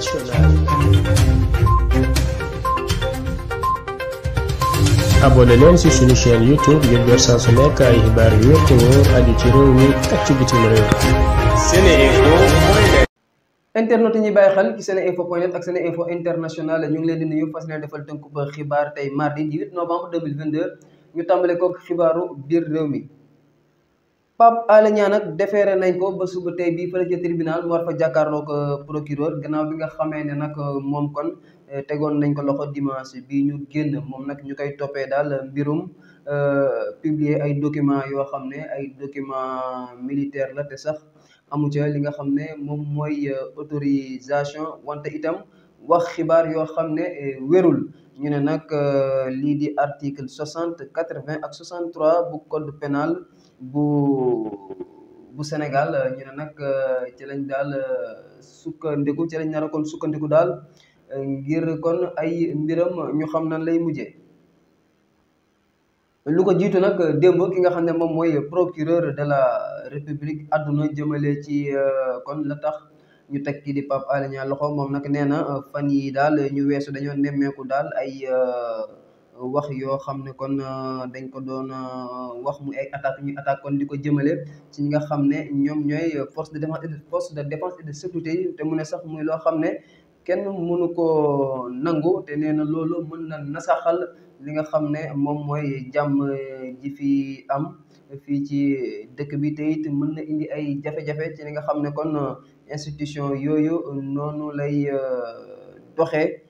internationale. abonné leen ci suñu chaîne youtube ngir jot saa su nekk ay xibaar yu wér te ci réew mi ak ci bitim réew. seneinfo.net. internet yi ñuy bàyyi xel ci seneinfo.net ak seneinfo international ñu ngi leen di nuyu fas leen defal tënku ba xibaar tey mardi 18 novembre ñu tàmbale kook xibaaru biir réew mi. Pape Alé nag defeere nañ ko ba suba tey bii fële ca tribunal mu war fa jàkkaarloog euh, procureur ganaaw bi nga xamee ne nag euh, moom kon euh, tegoon nañ ko loxo dimanche bii ñu génn moom nag ñu koy toppee daal mbirum publier ay documents yoo xam ne ay document militaire la te sax amu ca li nga xam ne moom mooy autorisation wante itam wax xibaar yoo xam ne wérul ñu ne nag lii di article soixante quatre-vingt ak soixante-trois bu code pénal bu bu Sénégal euh, ñu ne nag euh, ci lañ daal euh, sukkandiku ci lañ nar a kon sukkandiku daal ngir kon ay mbiram ñu xam na lay mujjee. lu ko jiitu nag démb ki nga xam ne moom mooy procureur de la république àdduna jëmale ci kon la tax ñu teg kii di Pape Alé Niang loxo moom nag nee na fan yi daal ñu weesu dañoo nemmeeku daal ay. wax yoo xam ne kon euh, dañ ko doon euh, wax mu ay attaque ñu attaque kon di ko jëmale ci ñi nga xam ne ñoom ñooy force de défense et de force de défense yi te mu ne sax muy loo xam ne kenn mënu koo nangu te nee na loolu mën na nasaxal li nga xam ne moom mooy jàmm euh, ji fi am fii ci dëkk bi te it mën na indi ay jafe-jafe ci li nga xam ne kon institution yooyu noonu lay doxee.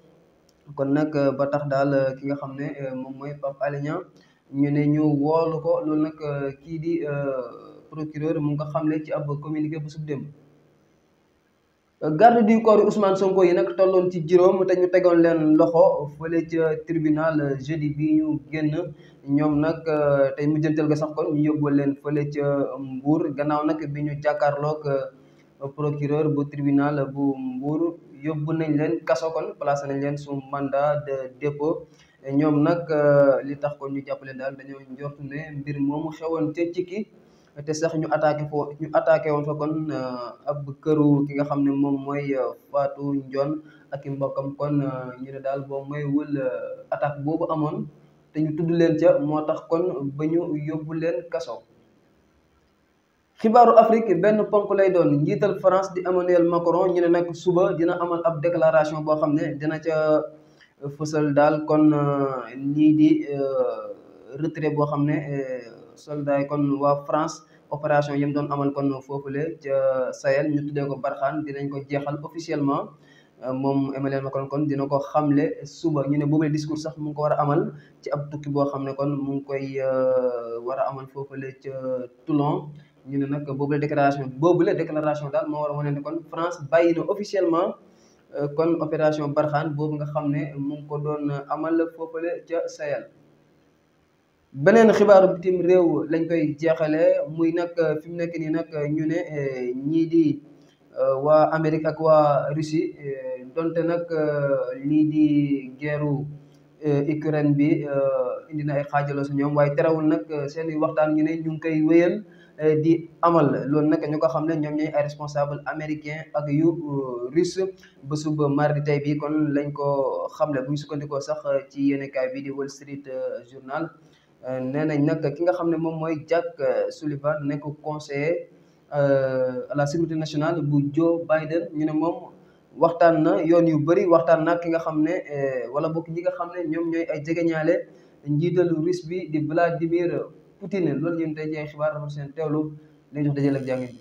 kon nag euh, ba tax daal euh, ki nga xam ne euh, moom mooy Pape ñu ne ñu woolu ko loolu nag kii di procureur mu nga xam ne ci ab communiqué bu sub démb garde du corps Ousmane Sonko yi nag tolloon ci juróom te ñu tegoon leen loxo fële ca tribinal jeudi bi ñu génn ñoom nag tey mujjantal ga sax kon ñu yóbbu leen fële ca Mbour gannaaw nag bi ñu jàkkaarloog procureur bu tribunal bu Mbour yóbbu nañ leen kaso kon placé nañ leen sous mandat de dépôt ñoom nag euh, li tax kon ñu jàppale daal dañoo njortu ne mbir moom xewoon te ci ki te sax ñu attaqué foo ñu attaqué woon fa kon euh, ab këru ki nga xam ne moom mooy euh, Fatou Ndione ak i mbokkam kon ñu ne daal boo mooy wël attaque boobu amoon te ñu tudd leen ca moo tax kon ba ñu yóbbu leen kaso. xibaaru Afrique benn ponk lay doon njiital France di Emmanuel Macron ñu ne nag suba dina amal ab déclaration boo xam ne dina ca euh, fësal daal kon lii euh, di euh, retrait boo xam ne soldats yi kon waa France opération yi mu doon amal kon foofule ca Sahel ñu tuddee ko Barkhane dinañ ko jeexal officiellement. moom Emmanuel Macron kon dina ko xamle suba ñu ne boobule discours sax mu ngi ko war a amal ci ab tukki boo xam ne kon mu ngi koy war a amal foofule ca Toulon ñu ne nag boobu la déclaration boobu la déclaration daal moo war a wane ne kon France bàyyi na officiellement euh, kon opération Barkhane boobu nga xam ne mu ko doon amal foofale ca Sahel. beneen xibaaru bitim réew lañ koy jeexale muy nag euh, fi mu nekk nii nag ñu ne euh, ñii di waa Amérique ak waa Russie donte nag lii di guerru Ukraine bi indi na ay xaajaloo si ñoom waaye terewul nag seen i waxtaan ñu ne ñu ngi koy wéyal. Eh, di amal loolu nag ñu ko xam ne ñoom ñooy ay responsable américain ak yu euh, russe ba suba mardi tey bi kon lañ ko xamle bu ñu sukkandikoo sax euh, ci yéenekaay bi di Wall Street euh, Journal nee nañ nag ki nga xam ne moom mooy Jack Sullivan nekk conseiller à la sécurité nationale bu Joe Biden ñu ne moom waxtaan na yoon yu bëri waxtaan na ki nga xam ne wala bokk ñi nga xam ne ñoom ñooy ay jegeñaale njiitalu russe bi di Vladimir Poutine loolu ñun tey jii xibaar dafa seen teewlu dañu jox dajale ak jàngin bi